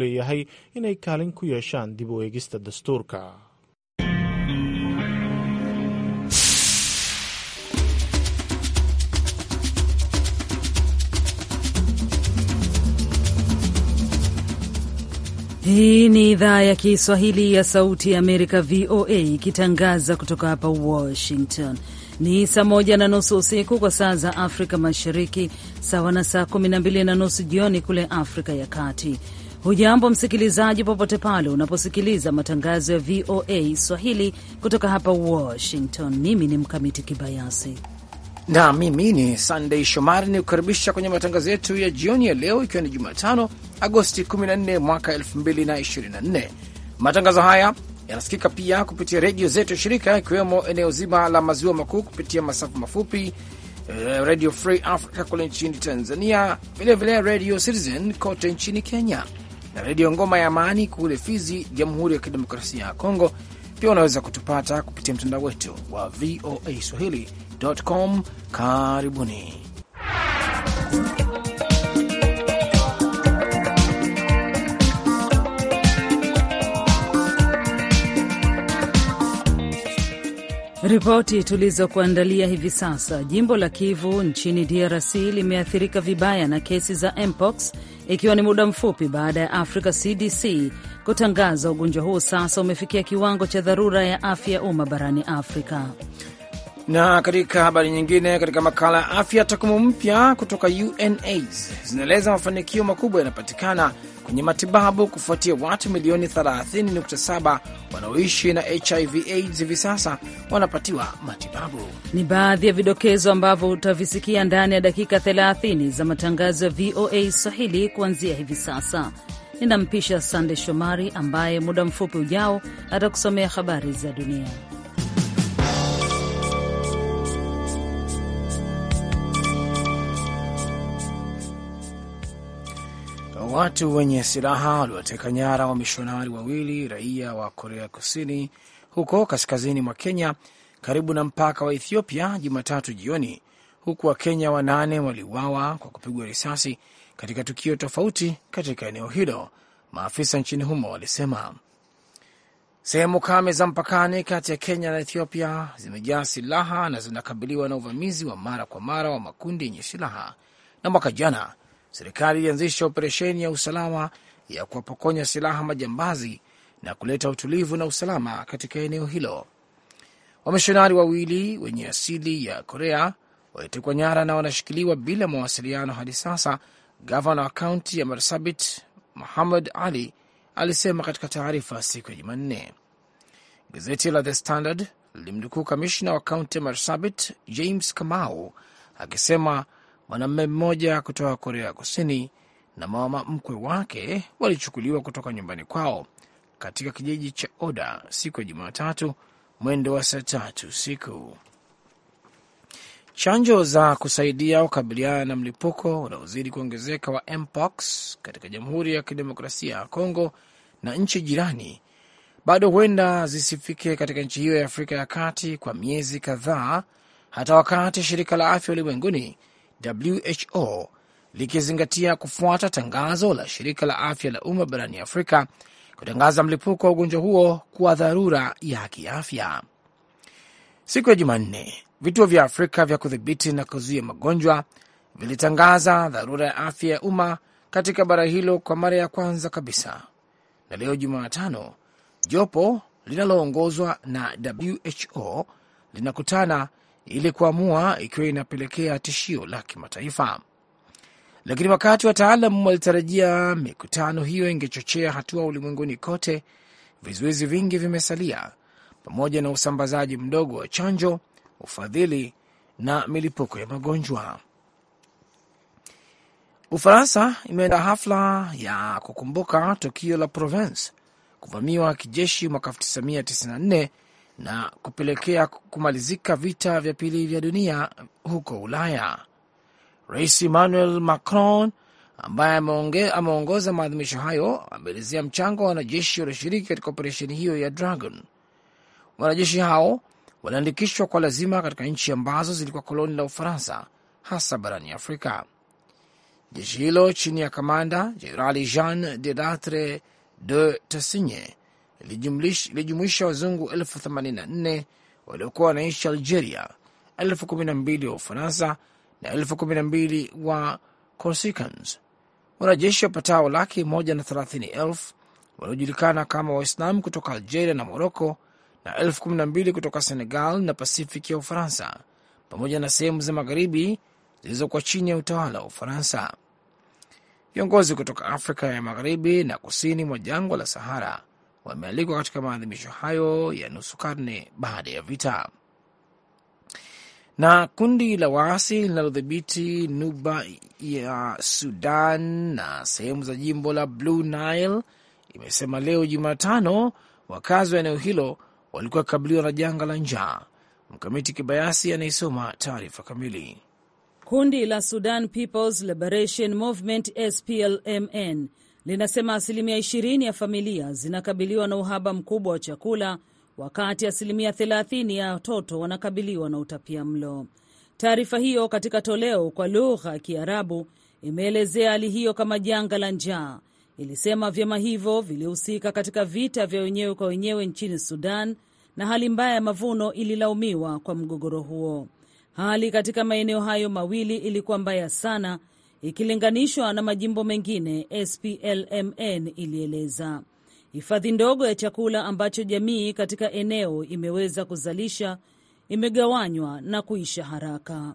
leeyahay inay kaalin ku yeeshaan dib u eegista dastuurka Hii ni idhaa ya Kiswahili ya Sauti ya Amerika, VOA, ikitangaza kutoka hapa Washington. Ni saa moja na nusu usiku kwa saa za Afrika Mashariki, sawa na saa kumi na mbili na nusu jioni kule Afrika ya Kati. Hujambo msikilizaji, popote pale unaposikiliza matangazo ya VOA Swahili kutoka hapa Washington. Mimi ni Mkamiti Kibayasi na mimi ni Sandei Shomari, ni kukaribisha kwenye matangazo yetu ya jioni ya leo, ikiwa ni Jumatano Agosti 14 mwaka 2024. Matangazo haya yanasikika pia kupitia redio zetu shirika, ikiwemo eneo zima la maziwa makuu kupitia masafa mafupi, eh, Radio Free Africa kule nchini Tanzania, vilevile Radio Citizen kote nchini Kenya na redio Ngoma ya Amani kule Fizi, Jamhuri ya Kidemokrasia ya Kongo. Pia unaweza kutupata kupitia mtandao wetu wa VOA Swahili.com. Karibuni. Ripoti tulizokuandalia hivi sasa. Jimbo la Kivu nchini DRC limeathirika vibaya na kesi za mpox ikiwa ni muda mfupi baada ya Africa CDC kutangaza ugonjwa huu sasa umefikia kiwango cha dharura ya afya ya umma barani Afrika. Na katika habari nyingine, katika makala ya afya, takwimu mpya kutoka UNAIDS zinaeleza mafanikio makubwa yanapatikana kwenye matibabu kufuatia watu milioni 30.7 wanaoishi na HIV AIDS hivi sasa wanapatiwa matibabu. Ni baadhi ya vidokezo ambavyo utavisikia ndani ya dakika 30 za matangazo ya VOA Swahili kuanzia hivi sasa. Ninampisha Sande Shomari ambaye muda mfupi ujao atakusomea habari za dunia. Watu wenye silaha waliwateka nyara wamishonari wawili raia wa Korea Kusini huko kaskazini mwa Kenya karibu na mpaka wa Ethiopia Jumatatu jioni, huku Wakenya wanane waliuawa kwa kupigwa risasi katika tukio tofauti katika eneo hilo, maafisa nchini humo walisema. Sehemu kame za mpakani kati ya Kenya na Ethiopia zimejaa silaha na zinakabiliwa na uvamizi wa mara kwa mara wa makundi yenye silaha, na mwaka jana serikali ilianzisha operesheni ya usalama ya kuwapokonya silaha majambazi na kuleta utulivu na usalama katika eneo hilo. Wamishonari wawili wenye asili ya Korea walitekwa nyara na wanashikiliwa bila mawasiliano hadi sasa, gavana wa kaunti ya Marsabit Muhammad Ali alisema katika taarifa siku ya Jumanne. Gazeti la The Standard lilimnukuu kamishna wa kaunti ya Marsabit James Kamau akisema mwanamume mmoja kutoka Korea ya Kusini na mama mkwe wake walichukuliwa kutoka nyumbani kwao katika kijiji cha Oda siku ya Jumatatu mwendo wa saa tatu usiku. Chanjo za kusaidia kukabiliana na mlipuko unaozidi kuongezeka wa mpox katika Jamhuri ya Kidemokrasia ya Kongo na nchi jirani bado huenda zisifike katika nchi hiyo ya Afrika ya Kati kwa miezi kadhaa, hata wakati shirika la afya ulimwenguni WHO likizingatia kufuata tangazo la shirika la afya la umma barani Afrika kutangaza mlipuko wa ugonjwa huo kuwa dharura ya kiafya. Siku ya Jumanne, vituo vya Afrika vya kudhibiti na kuzuia magonjwa vilitangaza dharura ya afya ya umma katika bara hilo kwa mara ya kwanza kabisa, na leo Jumatano jopo linaloongozwa na WHO linakutana ili kuamua ikiwa inapelekea tishio la kimataifa. Lakini wakati wataalam walitarajia mikutano hiyo ingechochea hatua ulimwenguni kote, vizuizi vingi vimesalia, pamoja na usambazaji mdogo wa chanjo, ufadhili na milipuko ya magonjwa. Ufaransa imeenda hafla ya kukumbuka tukio la Provence kuvamiwa kijeshi mwaka 1994 na kupelekea kumalizika vita vya pili vya dunia huko Ulaya. Rais Emmanuel Macron ambaye ameongoza maadhimisho hayo ameelezea mchango wa wanajeshi walioshiriki katika operesheni hiyo ya Dragon. Wanajeshi hao waliandikishwa kwa lazima katika nchi ambazo zilikuwa koloni la Ufaransa, hasa barani Afrika. Jeshi hilo chini ya kamanda Jenerali Jean de Latre de Tassigne ilijumuisha wazungu elfu themanini na nne waliokuwa wanaishi Algeria, elfu kumi na mbili wa Ufaransa na elfu kumi na mbili wa Corsicans. Wanajeshi wapatao laki moja na thelathini elfu waliojulikana kama Waislam kutoka Algeria na Moroko na elfu kumi na mbili kutoka Senegal na pasific ya Ufaransa, pamoja na sehemu za magharibi zilizokuwa chini ya utawala wa Ufaransa. Viongozi kutoka Afrika ya magharibi na kusini mwa jangwa la Sahara wamealikwa katika maadhimisho hayo ya nusu karne baada ya vita. Na kundi la waasi linalodhibiti Nuba ya Sudan na sehemu za jimbo la Blue Nile imesema leo Jumatano wakazi wa eneo hilo walikuwa kabiliwa na janga la njaa. Mkamiti Kibayasi anayesoma taarifa kamili. Kundi la Sudan People's Liberation Movement SPLMN linasema asilimia 20 ya familia zinakabiliwa na uhaba mkubwa wa chakula, wakati asilimia 30 ya watoto wanakabiliwa na utapia mlo. Taarifa hiyo katika toleo kwa lugha ya Kiarabu imeelezea hali hiyo kama janga la njaa. Ilisema vyama hivyo vilihusika katika vita vya wenyewe kwa wenyewe nchini Sudan, na hali mbaya ya mavuno ililaumiwa kwa mgogoro huo. Hali katika maeneo hayo mawili ilikuwa mbaya sana, ikilinganishwa na majimbo mengine, SPLMN ilieleza. Hifadhi ndogo ya chakula ambacho jamii katika eneo imeweza kuzalisha imegawanywa na kuisha haraka.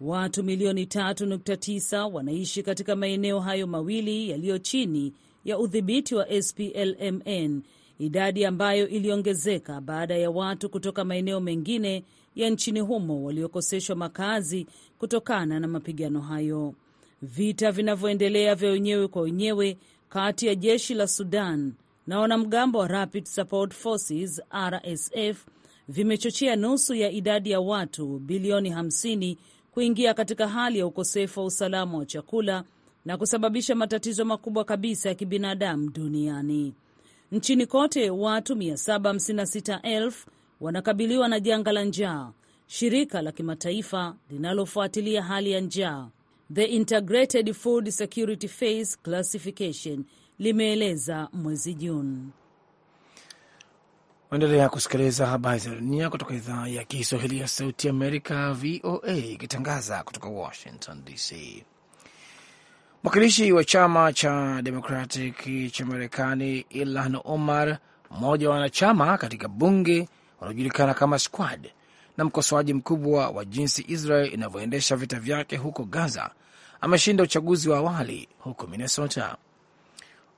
Watu milioni 3.9 wanaishi katika maeneo hayo mawili yaliyo chini ya udhibiti wa SPLMN, idadi ambayo iliongezeka baada ya watu kutoka maeneo mengine ya nchini humo waliokoseshwa makazi kutokana na mapigano hayo vita vinavyoendelea vya wenyewe kwa wenyewe kati ya jeshi la Sudan na wanamgambo wa Rapid Support Forces RSF vimechochea nusu ya idadi ya watu bilioni 50 kuingia katika hali ya ukosefu wa usalama wa chakula na kusababisha matatizo makubwa kabisa ya kibinadamu duniani. Nchini kote watu 756,000 wanakabiliwa na janga la njaa. Shirika la kimataifa linalofuatilia hali ya njaa The Integrated Food Security Phase Classification limeeleza mwezi Juni. Endelea kusikiliza habari za dunia kutoka idhaa ya Kiswahili ya Sauti Amerika, VOA, ikitangaza kutoka Washington DC. Mwakilishi wa chama cha Democratic cha Marekani Ilhan Omar, mmoja wa wanachama katika bunge wanaojulikana kama Squad, na mkosoaji mkubwa wa jinsi Israel inavyoendesha vita vyake huko Gaza, ameshinda uchaguzi wa awali huko Minnesota.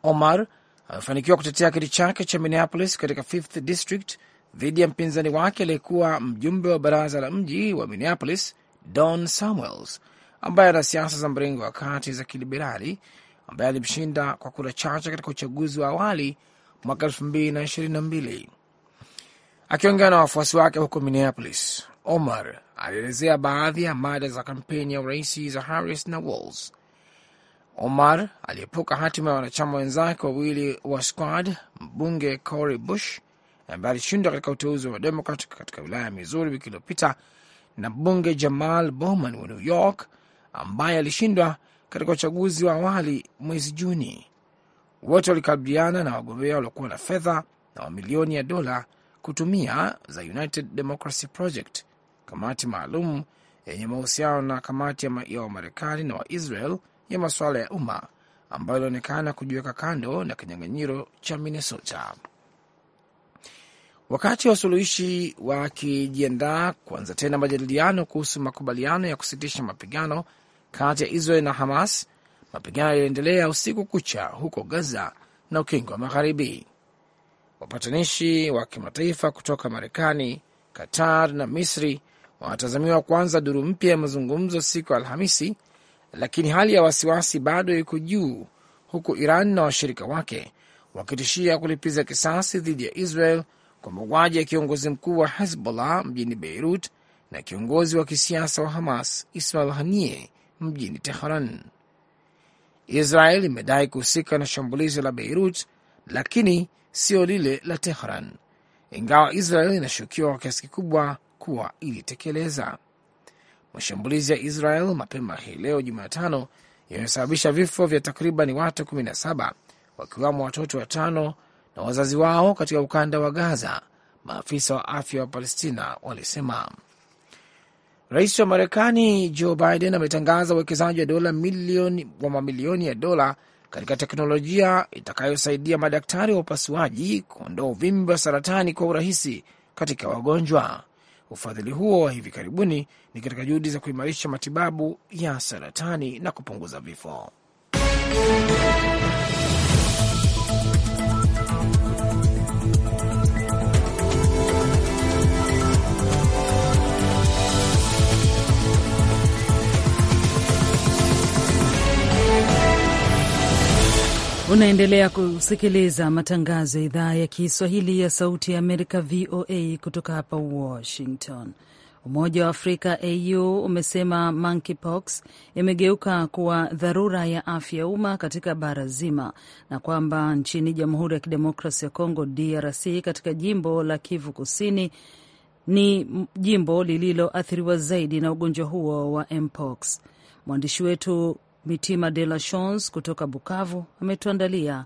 Omar amefanikiwa kutetea kiti chake cha Minneapolis katika th District dhidi ya mpinzani wake aliyekuwa mjumbe wa baraza la mji wa Minneapolis, Don Samuels, ambaye ana siasa za mrengo wa kati za kiliberali, ambaye alimshinda kwa kura chache katika uchaguzi wa awali mwaka 222 Akiongea na wafuasi wake huko Minneapolis, Omar alielezea baadhi ya mada za kampeni ya urais za Harris na Walls. Omar aliepuka hatima ya wanachama wenzake wawili wa Squad, mbunge Cory Bush ambaye alishindwa katika uteuzi wa Demokrat katika wilaya ya mizuri wiki iliyopita na mbunge Jamal Bowman wa New York ambaye alishindwa katika uchaguzi wa awali mwezi Juni. Wote walikabiliana na wagombea waliokuwa na fedha na mamilioni ya dola kutumia za United Democracy Project, kamati maalum yenye mahusiano na kamati ya Wamarekani na Waisrael ya masuala ya umma ambayo ilionekana kujiweka kando na kinyang'anyiro cha Minnesota. Wakati wasuluhishi wakijiandaa kuanza tena majadiliano kuhusu makubaliano ya kusitisha mapigano kati ya Israel na Hamas, mapigano yaliendelea usiku kucha huko Gaza na Ukingo wa Magharibi. Wapatanishi wa kimataifa kutoka Marekani, Qatar na Misri wanatazamiwa kuanza duru mpya ya mazungumzo siku ya Alhamisi, lakini hali ya wasiwasi bado iko juu, huku Iran na washirika wake wakitishia kulipiza kisasi dhidi ya Israel kwa mauaji ya kiongozi mkuu wa Hezbollah mjini Beirut na kiongozi wa kisiasa wa Hamas Ismail Haniyeh mjini Teheran. Israel imedai kuhusika na shambulizi la Beirut, lakini sio lile la Tehran, ingawa Israel inashukiwa kwa kiasi kikubwa kuwa ilitekeleza. Mashambulizi ya Israel mapema hii leo Jumatano yamesababisha vifo vya takriban watu 17 wakiwamo watoto watano na wazazi wao katika ukanda wa Gaza, maafisa wa afya wa Palestina walisema. Rais wa Marekani Joe Biden ametangaza uwekezaji wa dola milioni wa mamilioni ya dola katika teknolojia itakayosaidia madaktari wa upasuaji kuondoa uvimbe wa saratani kwa urahisi katika wagonjwa. Ufadhili huo wa hivi karibuni ni katika juhudi za kuimarisha matibabu ya saratani na kupunguza vifo. Unaendelea kusikiliza matangazo ya idhaa ya Kiswahili ya Sauti ya Amerika, VOA, kutoka hapa Washington. Umoja wa Afrika AU umesema monkeypox imegeuka kuwa dharura ya afya ya umma katika bara zima, na kwamba nchini Jamhuri ya Kidemokrasi ya Kongo DRC, katika jimbo la Kivu Kusini ni jimbo lililoathiriwa zaidi na ugonjwa huo wa mpox. Mwandishi wetu Mitima de la Chance kutoka Bukavu ametuandalia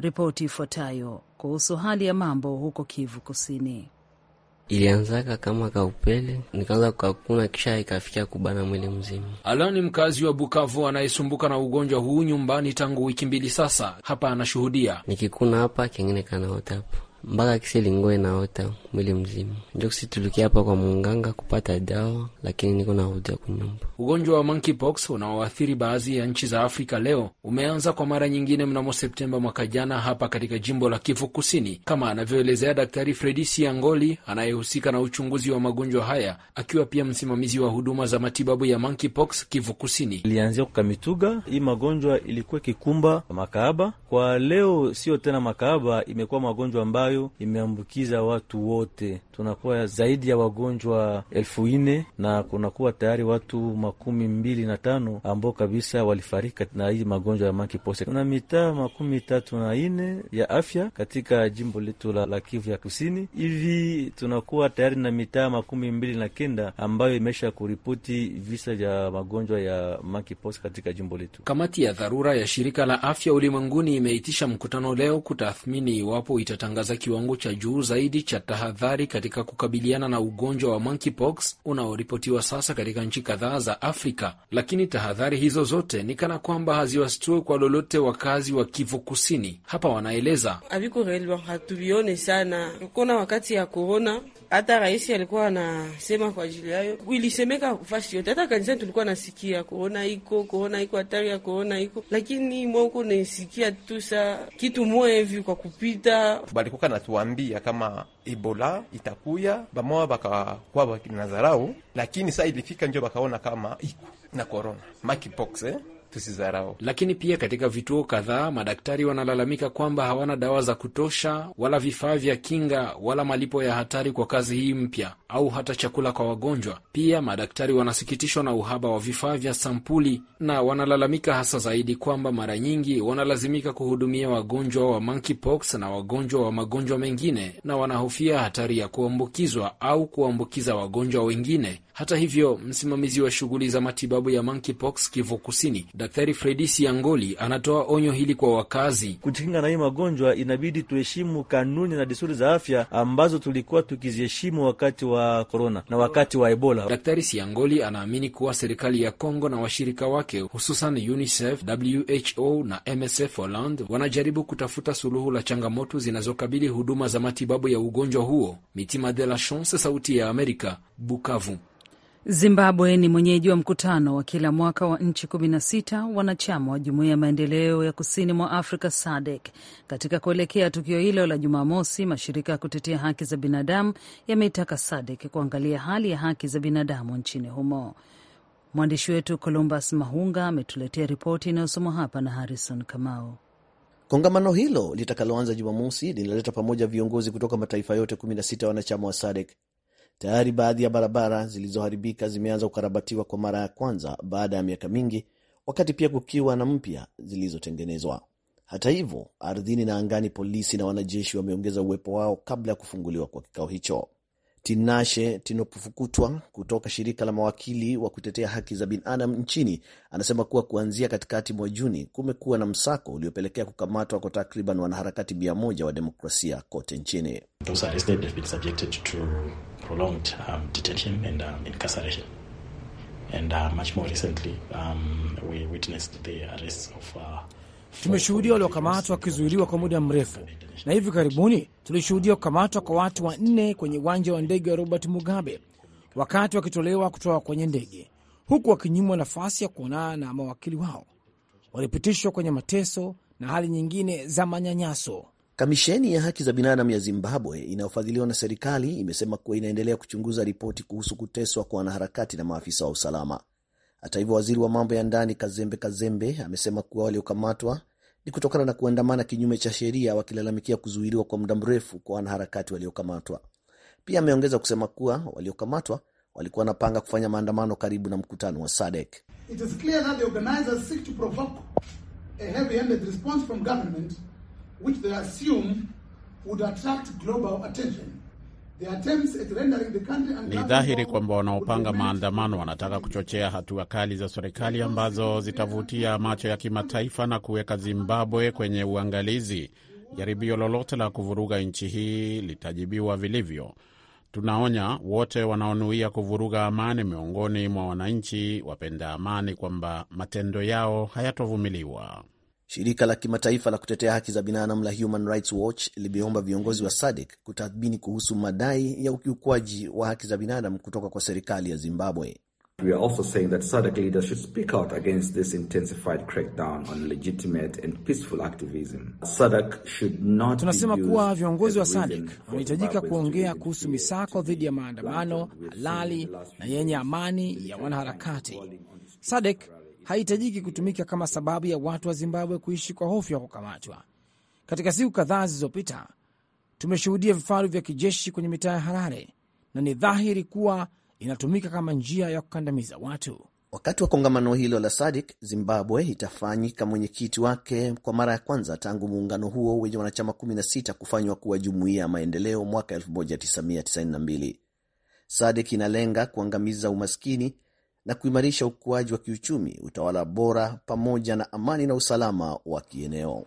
ripoti ifuatayo kuhusu hali ya mambo huko Kivu Kusini. Ilianzaka kama kaupele nikaanza kukakuna, kisha ikafikia kubana mwili mzima. alani mkazi wa Bukavu anayesumbuka na ugonjwa huu nyumbani tangu wiki mbili sasa. Hapa anashuhudia nikikuna hapa, kengine kanaota mpaka kiseli naota mwili mzima. Njo kusitulukia hapa kwa munganga kupata dawa, lakini niko narudia kunyumba. Ugonjwa wa monkeypox unaoathiri baadhi ya nchi za Afrika leo umeanza kwa mara nyingine mnamo Septemba mwaka jana hapa katika jimbo la Kivu Kusini, kama anavyoelezea Daktari Fredi Siangoli anayehusika na uchunguzi wa magonjwa haya akiwa pia msimamizi wa huduma za matibabu ya monkeypox Kivu Kusini. Ilianzia kukamituga hii magonjwa ilikuwa kikumba makaaba, kwa leo sio tena makaaba, imekuwa magonjwa ambayo ambayo imeambukiza watu wote. Tunakuwa zaidi ya wagonjwa elfu nne na kunakuwa tayari watu makumi mbili na tano ambao kabisa walifarika na hii magonjwa ya monkeypox. Kuna mitaa makumi tatu na nne ya afya katika jimbo letu la, la Kivu ya Kusini. Hivi tunakuwa tayari na mitaa makumi mbili na kenda ambayo imesha kuripoti visa vya magonjwa ya monkeypox katika jimbo letu. Kamati ya dharura ya shirika la afya ulimwenguni imeitisha mkutano leo kutathmini iwapo itatangaza kiwango cha juu zaidi cha tahadhari katika kukabiliana na ugonjwa wa monkeypox unaoripotiwa sasa katika nchi kadhaa za Afrika, lakini tahadhari hizo zote ni kana kwamba haziwastue kwa lolote wakazi wa Kivu Kusini. Hapa wanaeleza, relwa, hatuvione sana, kuna wakati ya korona hata rais alikuwa anasema kwa ajili yayo, ilisemeka fasi yote, hata kanisani tulikuwa nasikia korona iko, korona iko, hatari ya korona iko, lakini mwauko naisikia tu sa kitu moya hivi kwa kupita. Balikuwa natuambia kama Ebola itakuya, bamoa bakakuwa bakinazarau, lakini saa ilifika njo bakaona kama iko na korona makipox eh? tusizarau. Lakini pia katika vituo kadhaa madaktari wanalalamika kwamba hawana dawa za kutosha wala vifaa vya kinga wala malipo ya hatari kwa kazi hii mpya au hata chakula kwa wagonjwa. Pia madaktari wanasikitishwa na uhaba wa vifaa vya sampuli na wanalalamika hasa zaidi kwamba mara nyingi wanalazimika kuhudumia wagonjwa wa monkeypox na wagonjwa wa magonjwa mengine, na wanahofia hatari ya kuambukizwa au kuambukiza wagonjwa wengine. Hata hivyo, msimamizi wa shughuli za matibabu ya monkeypox Kivu Kusini, Daktari Fredi Siangoli, anatoa onyo hili kwa wakazi. Kujikinga na hii magonjwa, inabidi tuheshimu kanuni na desturi za afya ambazo tulikuwa tukiziheshimu wakati wa korona na wakati wa Ebola. Daktari Siangoli anaamini kuwa serikali ya Kongo na washirika wake hususan UNICEF, WHO na MSF Holland wanajaribu kutafuta suluhu la changamoto zinazokabili huduma za matibabu ya ugonjwa huo. Mitima de la Chance, Sauti ya Amerika, Bukavu. Zimbabwe ni mwenyeji wa mkutano wa kila mwaka wa nchi 16 wanachama wa jumuiya ya maendeleo ya kusini mwa Afrika SADC. Katika kuelekea tukio hilo la Jumamosi, mashirika ya kutetea haki za binadamu yameitaka SADC kuangalia hali ya haki za binadamu nchini humo. Mwandishi wetu Columbus Mahunga ametuletea ripoti inayosomwa hapa na Harrison Kamau. Kongamano hilo litakaloanza Jumamosi linaleta pamoja viongozi kutoka mataifa yote 16 wanachama wa SADC. Tayari baadhi ya barabara zilizoharibika zimeanza kukarabatiwa kwa mara ya kwanza baada ya miaka mingi, wakati pia kukiwa na mpya zilizotengenezwa. Hata hivyo, ardhini na angani, polisi na wanajeshi wameongeza uwepo wao kabla ya kufunguliwa kwa kikao hicho. Tinashe Tinopufukutwa kutoka shirika la mawakili wa kutetea haki za binadamu nchini anasema kuwa kuanzia katikati mwa Juni kumekuwa na msako uliopelekea kukamatwa kwa takriban wanaharakati mia moja wa demokrasia kote nchini. Tumeshuhudia waliokamatwa wakizuiliwa kwa muda mrefu, na hivi karibuni tulishuhudia kukamatwa kwa watu wanne kwenye uwanja wa ndege wa Robert Mugabe wakati wakitolewa kutoka kwenye ndege, huku wakinyimwa nafasi ya kuonana na mawakili wao. Walipitishwa kwenye mateso na hali nyingine za manyanyaso. Kamisheni ya haki za binadamu ya Zimbabwe inayofadhiliwa na serikali imesema kuwa inaendelea kuchunguza ripoti kuhusu kuteswa kwa wanaharakati na maafisa wa usalama. Hata hivyo, waziri wa mambo ya ndani Kazembe Kazembe amesema kuwa waliokamatwa ni kutokana na kuandamana kinyume cha sheria, wakilalamikia kuzuiliwa kwa muda mrefu kwa wanaharakati waliokamatwa. Pia ameongeza kusema kuwa waliokamatwa walikuwa wanapanga kufanya maandamano karibu na mkutano wa SADC. It is ni dhahiri kwamba wanaopanga maandamano wanataka kuchochea hatua kali za serikali ambazo zitavutia macho ya kimataifa na kuweka Zimbabwe kwenye uangalizi. Jaribio lolote la kuvuruga nchi hii litajibiwa vilivyo. Tunaonya wote wanaonuia kuvuruga amani miongoni mwa wananchi wapenda amani kwamba matendo yao hayatovumiliwa. Shirika la kimataifa la kutetea haki za binadamu la Human Rights Watch limeomba viongozi wa SADC kutathmini kuhusu madai ya ukiukwaji wa haki za binadamu kutoka kwa serikali ya Zimbabwe. We are also saying that SADC leaders should speak out against this intensified crackdown on legitimate and peaceful activism. SADC should not. Tunasema kuwa viongozi wa SADC wanahitajika kuongea kuhusu misako dhidi ya maandamano halali na yenye amani ya wanaharakati. SADC haihitajiki kutumika kama sababu ya watu wa Zimbabwe kuishi kwa hofu ya kukamatwa. Katika siku kadhaa zilizopita, tumeshuhudia vifaru vya kijeshi kwenye mitaa ya Harare na ni dhahiri kuwa inatumika kama njia ya kukandamiza watu. Wakati wa kongamano hilo la SADC, Zimbabwe itafanyika mwenyekiti wake kwa mara ya kwanza tangu muungano huo wenye wanachama 16 kufanywa kuwa jumuiya ya maendeleo mwaka 1992. SADC inalenga kuangamiza umaskini, na kuimarisha ukuaji wa kiuchumi, utawala bora, pamoja na amani na usalama wa kieneo.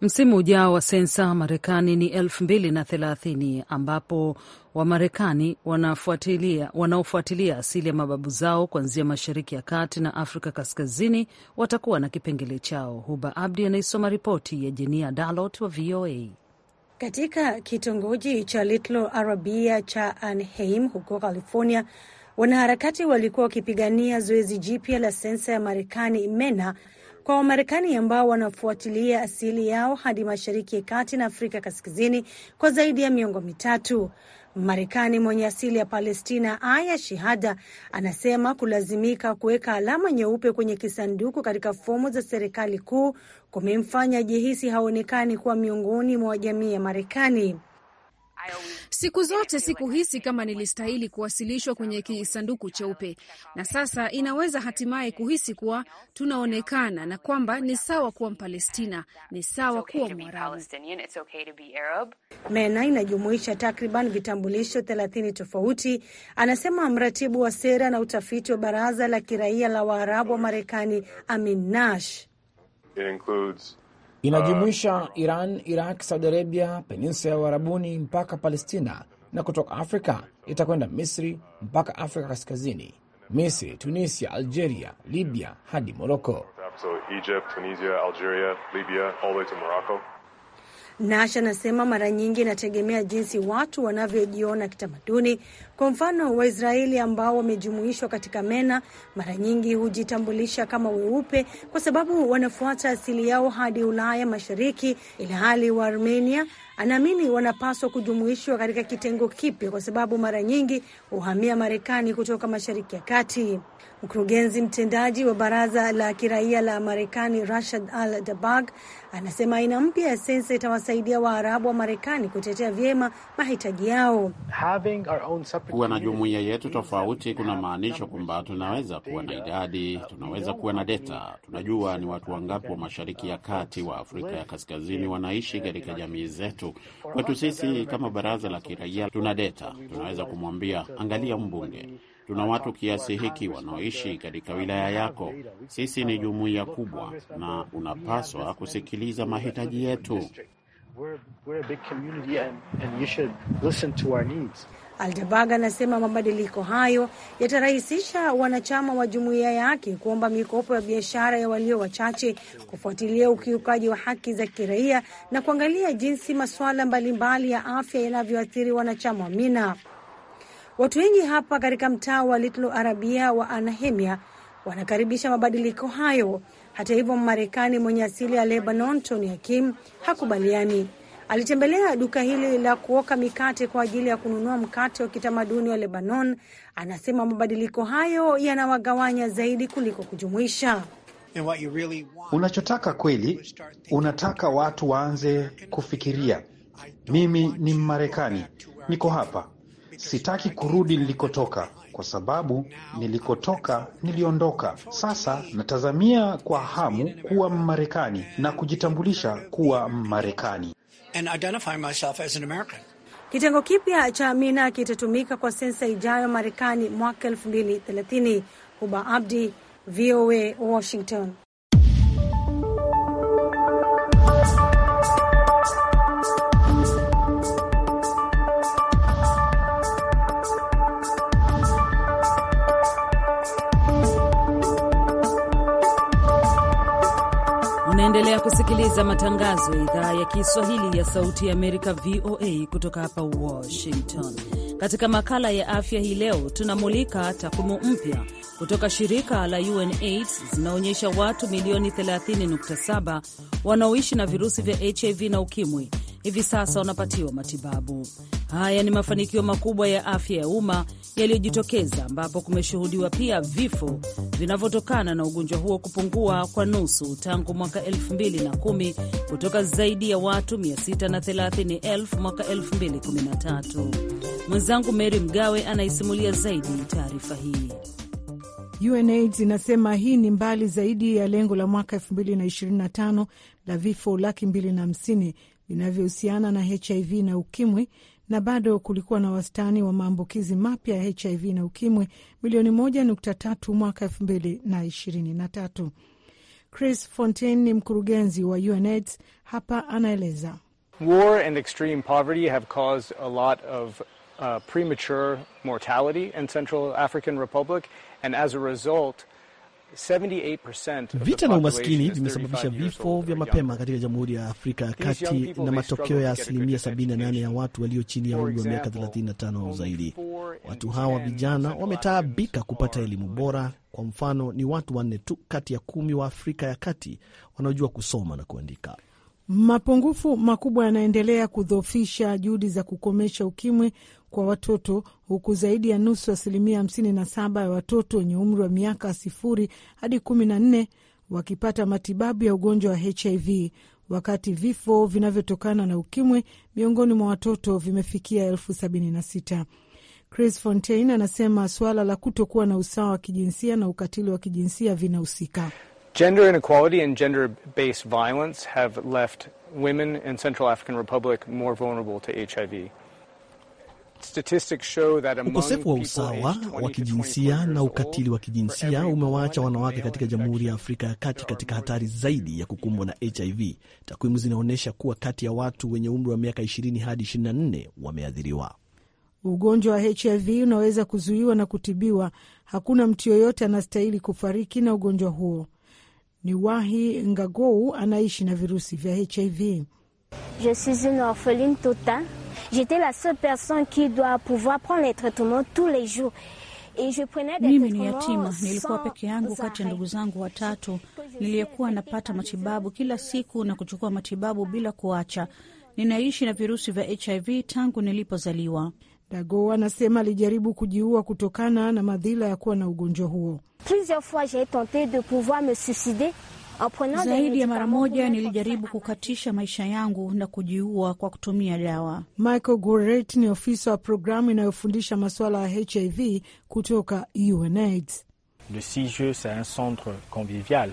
Msimu ujao wa sensa Marekani ni 230 ambapo Wamarekani wanaofuatilia wanaofuatilia asili ya mababu zao kuanzia Mashariki ya Kati na Afrika Kaskazini watakuwa na kipengele chao. Huba Abdi anaisoma ripoti ya Jenia Dalot wa VOA. Katika kitongoji cha Little Arabia cha Anheim huko California, Wanaharakati walikuwa wakipigania zoezi jipya la sensa ya Marekani mena kwa Wamarekani ambao wanafuatilia asili yao hadi Mashariki ya Kati na Afrika Kaskazini kwa zaidi ya miongo mitatu. Marekani mwenye asili ya Palestina Aya Shihada anasema kulazimika kuweka alama nyeupe kwenye kisanduku katika fomu za serikali kuu kumemfanya jihisi haonekani kuwa miongoni mwa jamii ya Marekani. Siku zote sikuhisi kama nilistahili kuwasilishwa kwenye kisanduku cheupe, na sasa inaweza hatimaye kuhisi kuwa tunaonekana na kwamba ni sawa kuwa Mpalestina, ni sawa kuwa Mwarabu. MENA inajumuisha takriban vitambulisho thelathini tofauti, anasema mratibu wa sera na utafiti wa baraza la kiraia la Waarabu wa Marekani, Amin Nash. It includes inajumuisha Iran, Iraq, Saudi Arabia, peninsula ya Uarabuni mpaka Palestina, na kutoka Afrika itakwenda Misri mpaka Afrika Kaskazini, Misri, Tunisia, Algeria, Libya hadi Moroko. Nash anasema mara nyingi inategemea jinsi watu wanavyojiona kitamaduni, kwa mfano, Waisraeli ambao wamejumuishwa katika MENA mara nyingi hujitambulisha kama weupe kwa sababu wanafuata asili yao hadi Ulaya Mashariki, ilhali armenia anaamini wanapaswa kujumuishwa katika kitengo kipya kwa sababu mara nyingi huhamia Marekani kutoka Mashariki ya Kati. Mkurugenzi mtendaji wa baraza la kiraia la Marekani Rashad Al Dabag anasema aina mpya ya sensa itawasaidia Waarabu wa Marekani kutetea vyema mahitaji yao. Kuwa na jumuiya yetu tofauti kunamaanisha kwamba tunaweza kuwa na idadi, tunaweza kuwa na deta, tunajua ni watu wangapi wa Mashariki ya Kati, wa Afrika ya Kaskazini wanaishi katika jamii zetu. Kwetu sisi kama baraza la kiraia, tuna deta, tunaweza kumwambia angalia, mbunge tuna watu kiasi hiki wanaoishi katika wilaya yako. Sisi ni jumuiya kubwa, na unapaswa kusikiliza mahitaji yetu. We're, we're a big community and, and you should listen to our needs. Aljabaga anasema mabadiliko hayo yatarahisisha wanachama wa jumuiya yake kuomba mikopo ya biashara ya walio wachache, kufuatilia ukiukaji wa haki za kiraia na kuangalia jinsi masuala mbalimbali ya afya yanavyoathiri wanachama wa Mina. Watu wengi hapa katika mtaa wa Little Arabia wa Anahemia wanakaribisha mabadiliko hayo. Hata hivyo, marekani mwenye asili ya Lebanon Tony Hakim hakubaliani. Alitembelea duka hili la kuoka mikate kwa ajili ya kununua mkate wa kitamaduni wa Lebanon. Anasema mabadiliko hayo yanawagawanya zaidi kuliko kujumuisha. Really want... unachotaka kweli, unataka watu waanze kufikiria, mimi ni Mmarekani, niko hapa, sitaki kurudi nilikotoka kwa sababu nilikotoka niliondoka. Sasa natazamia kwa hamu kuwa Mmarekani na kujitambulisha kuwa Mmarekani and identifying myself as an American. Kitengo kipya cha Amina kitatumika kwa sensa ijayo Marekani mwaka 2030. Huba Abdi, VOA, Washington. Unaendelea kusikiliza matangazo ya idhaa ya Kiswahili ya Sauti ya Amerika, VOA, kutoka hapa Washington. Katika makala ya afya hii leo, tunamulika takwimu mpya kutoka shirika la UNAIDS zinaonyesha watu milioni 30.7 wanaoishi na virusi vya HIV na ukimwi hivi sasa wanapatiwa matibabu. Haya ni mafanikio makubwa ya afya ya umma yaliyojitokeza, ambapo kumeshuhudiwa pia vifo vinavyotokana na ugonjwa huo kupungua kwa nusu tangu mwaka 2010 kutoka zaidi ya watu 630,000 mwaka 2013. Mwenzangu Mary Mgawe anaisimulia zaidi taarifa hii. UNAIDS inasema hii ni mbali zaidi ya lengo la mwaka 2025 la vifo laki 250 vinavyohusiana na HIV na ukimwi na bado kulikuwa na wastani wa maambukizi mapya ya HIV na ukimwi milioni 1.3 mwaka 2023. Chris Fontaine ni mkurugenzi wa UNAIDS. Hapa anaeleza War and extreme poverty have caused a lot of uh, premature mortality in Central African Republic and as a result Vita na umaskini vimesababisha vifo vya mapema katika Jamhuri ya Afrika ya Kati na matokeo ya asilimia 78 ya watu walio chini ya umri wa miaka 35 au zaidi. Watu hawa vijana wametaabika kupata elimu bora. Kwa mfano, ni watu wanne tu kati ya kumi wa Afrika ya Kati wanaojua kusoma na kuandika. Mapungufu makubwa yanaendelea kudhoofisha juhudi za kukomesha ukimwi kwa watoto huku zaidi ya nusu, asilimia 57 ya watoto wenye umri wa miaka sifuri hadi 14 wakipata matibabu ya ugonjwa wa HIV, wakati vifo vinavyotokana na ukimwi miongoni mwa watoto vimefikia elfu 76. Chris Fontaine anasema suala la kutokuwa na usawa wa kijinsia na ukatili wa kijinsia vinahusika. Gender inequality and gender based violence have left women in Central African Republic more vulnerable to HIV. Ukosefu wa usawa wa kijinsia na ukatili wa kijinsia umewaacha wanawake katika Jamhuri ya Afrika ya Kati katika hatari zaidi ya kukumbwa na HIV. Takwimu zinaonyesha kuwa kati ya watu wenye umri wa miaka 20 hadi 24 wameathiriwa. Ugonjwa wa HIV unaweza kuzuiwa na kutibiwa. Hakuna mtu yoyote anastahili kufariki na ugonjwa huo ni wahi Ngagou anaishi na virusi vya HIV. Je suis une orpheline totale. J'étais la seule personne qui doit pouvoir prendre les traitements tous les jours. Mimi ni yatima, nilikuwa peke yangu kati ya ndugu zangu watatu niliyekuwa napata matibabu kila siku na kuchukua matibabu bila kuacha. Ninaishi na virusi vya HIV tangu nilipozaliwa. Dago anasema alijaribu kujiua kutokana na madhila ya kuwa na ugonjwa huo. Zaidi ya mara moja nilijaribu kukatisha maisha yangu na kujiua kwa kutumia dawa. Michael Goret ni ofisa wa programu inayofundisha masuala ya HIV kutoka UNAIDS. Le c'est un centre convivial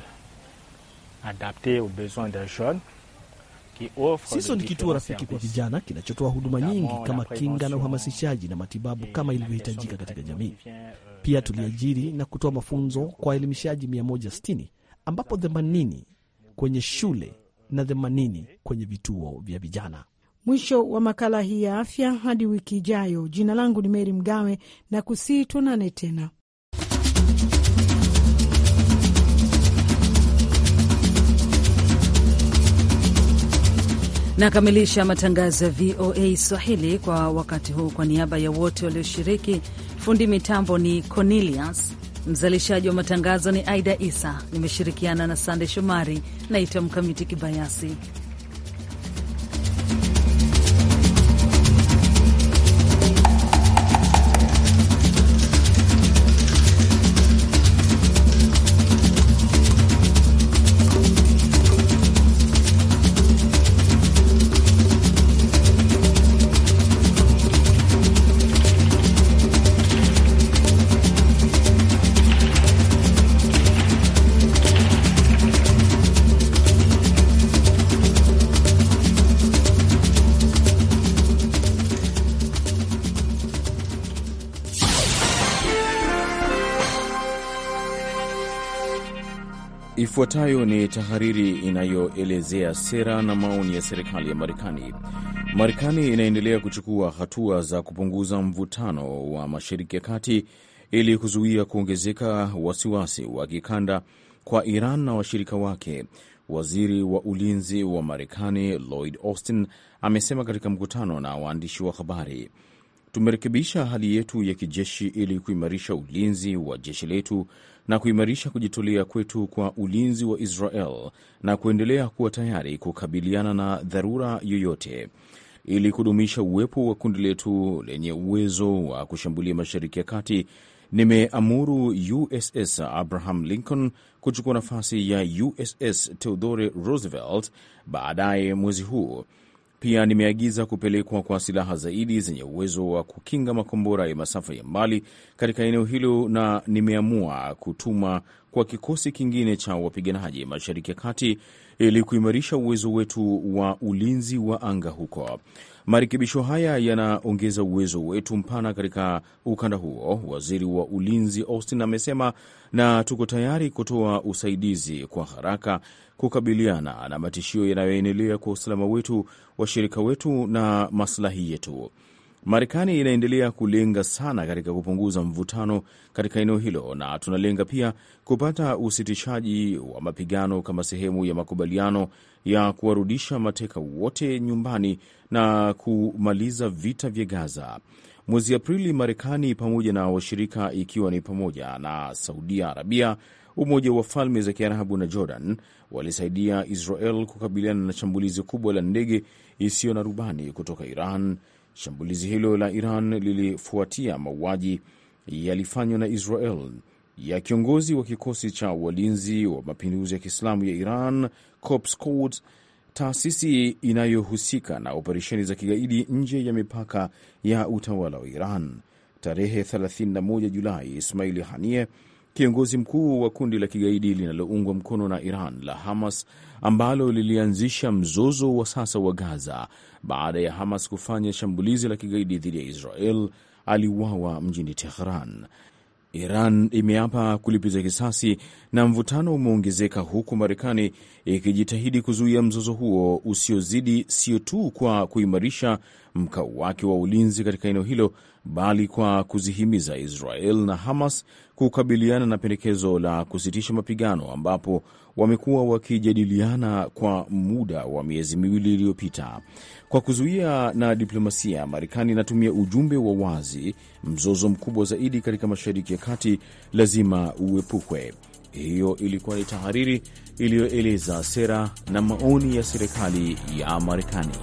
adapte aux besoins des jeunes Siso ni kituo rafiki kwa vijana kinachotoa huduma nyingi kama kinga na uhamasishaji na matibabu kama ilivyohitajika katika jamii. Eh, Pia tuliajiri na kutoa mafunzo kwa waelimishaji 160 ambapo 80 kwenye shule na 80 kwenye vituo vya vijana. Mwisho wa makala hii ya afya, hadi wiki ijayo. Jina langu ni Meri Mgawe na kusii, tuonane tena. Nakamilisha matangazo ya VOA Swahili kwa wakati huu. Kwa niaba ya wote walioshiriki, fundi mitambo ni Cornelius, mzalishaji wa matangazo ni Aida Isa, nimeshirikiana na Sande Shomari. Naitwa Mkamiti Kibayasi. Ifuatayo ni tahariri inayoelezea sera na maoni ya serikali ya Marekani. Marekani inaendelea kuchukua hatua za kupunguza mvutano wa Mashariki ya Kati ili kuzuia kuongezeka wasiwasi wa kikanda kwa Iran na washirika wake. Waziri wa ulinzi wa Marekani Lloyd Austin amesema katika mkutano na waandishi wa habari Tumerekebisha hali yetu ya kijeshi ili kuimarisha ulinzi wa jeshi letu na kuimarisha kujitolea kwetu kwa ulinzi wa Israel na kuendelea kuwa tayari kukabiliana na dharura yoyote ili kudumisha uwepo wa kundi letu lenye uwezo wa kushambulia Mashariki ya Kati. Nimeamuru USS Abraham Lincoln kuchukua nafasi ya USS Theodore Roosevelt baadaye mwezi huu pia nimeagiza kupelekwa kwa silaha zaidi zenye uwezo wa kukinga makombora ya masafa ya mbali katika eneo hilo, na nimeamua kutuma kwa kikosi kingine cha wapiganaji Mashariki ya Kati ili kuimarisha uwezo wetu wa ulinzi wa anga huko. Marekebisho haya yanaongeza uwezo wetu mpana katika ukanda huo, waziri wa ulinzi Austin amesema, na tuko tayari kutoa usaidizi kwa haraka kukabiliana na matishio yanayoendelea kwa usalama wetu, washirika wetu na maslahi yetu. Marekani inaendelea kulenga sana katika kupunguza mvutano katika eneo hilo, na tunalenga pia kupata usitishaji wa mapigano kama sehemu ya makubaliano ya kuwarudisha mateka wote nyumbani na kumaliza vita vya Gaza. Mwezi Aprili, Marekani pamoja na washirika ikiwa ni pamoja na Saudi Arabia, Umoja wa Falme za Kiarabu na Jordan walisaidia Israel kukabiliana na shambulizi kubwa la ndege isiyo na rubani kutoka Iran Shambulizi hilo la Iran lilifuatia mauaji yalifanywa na Israel ya kiongozi wa kikosi cha walinzi wa mapinduzi ya Kiislamu ya Iran Corps Quds, taasisi inayohusika na operesheni za kigaidi nje ya mipaka ya utawala wa Iran. Tarehe 31 Julai, Ismaili Hanie kiongozi mkuu wa kundi la kigaidi linaloungwa mkono na Iran la Hamas ambalo lilianzisha mzozo wa sasa wa Gaza baada ya Hamas kufanya shambulizi la kigaidi dhidi ya Israel aliuawa mjini Tehran. Iran imeapa kulipiza kisasi na mvutano umeongezeka huku Marekani ikijitahidi kuzuia mzozo huo usiozidi, sio tu kwa kuimarisha mkao wake wa ulinzi katika eneo hilo, bali kwa kuzihimiza Israel na Hamas kukabiliana na pendekezo la kusitisha mapigano ambapo wamekuwa wakijadiliana kwa muda wa miezi miwili iliyopita. Kwa kuzuia na diplomasia, Marekani inatumia ujumbe wa wazi, mzozo mkubwa zaidi katika Mashariki ya Kati lazima uepukwe. Hiyo ilikuwa ni tahariri iliyoeleza sera na maoni ya serikali ya Marekani.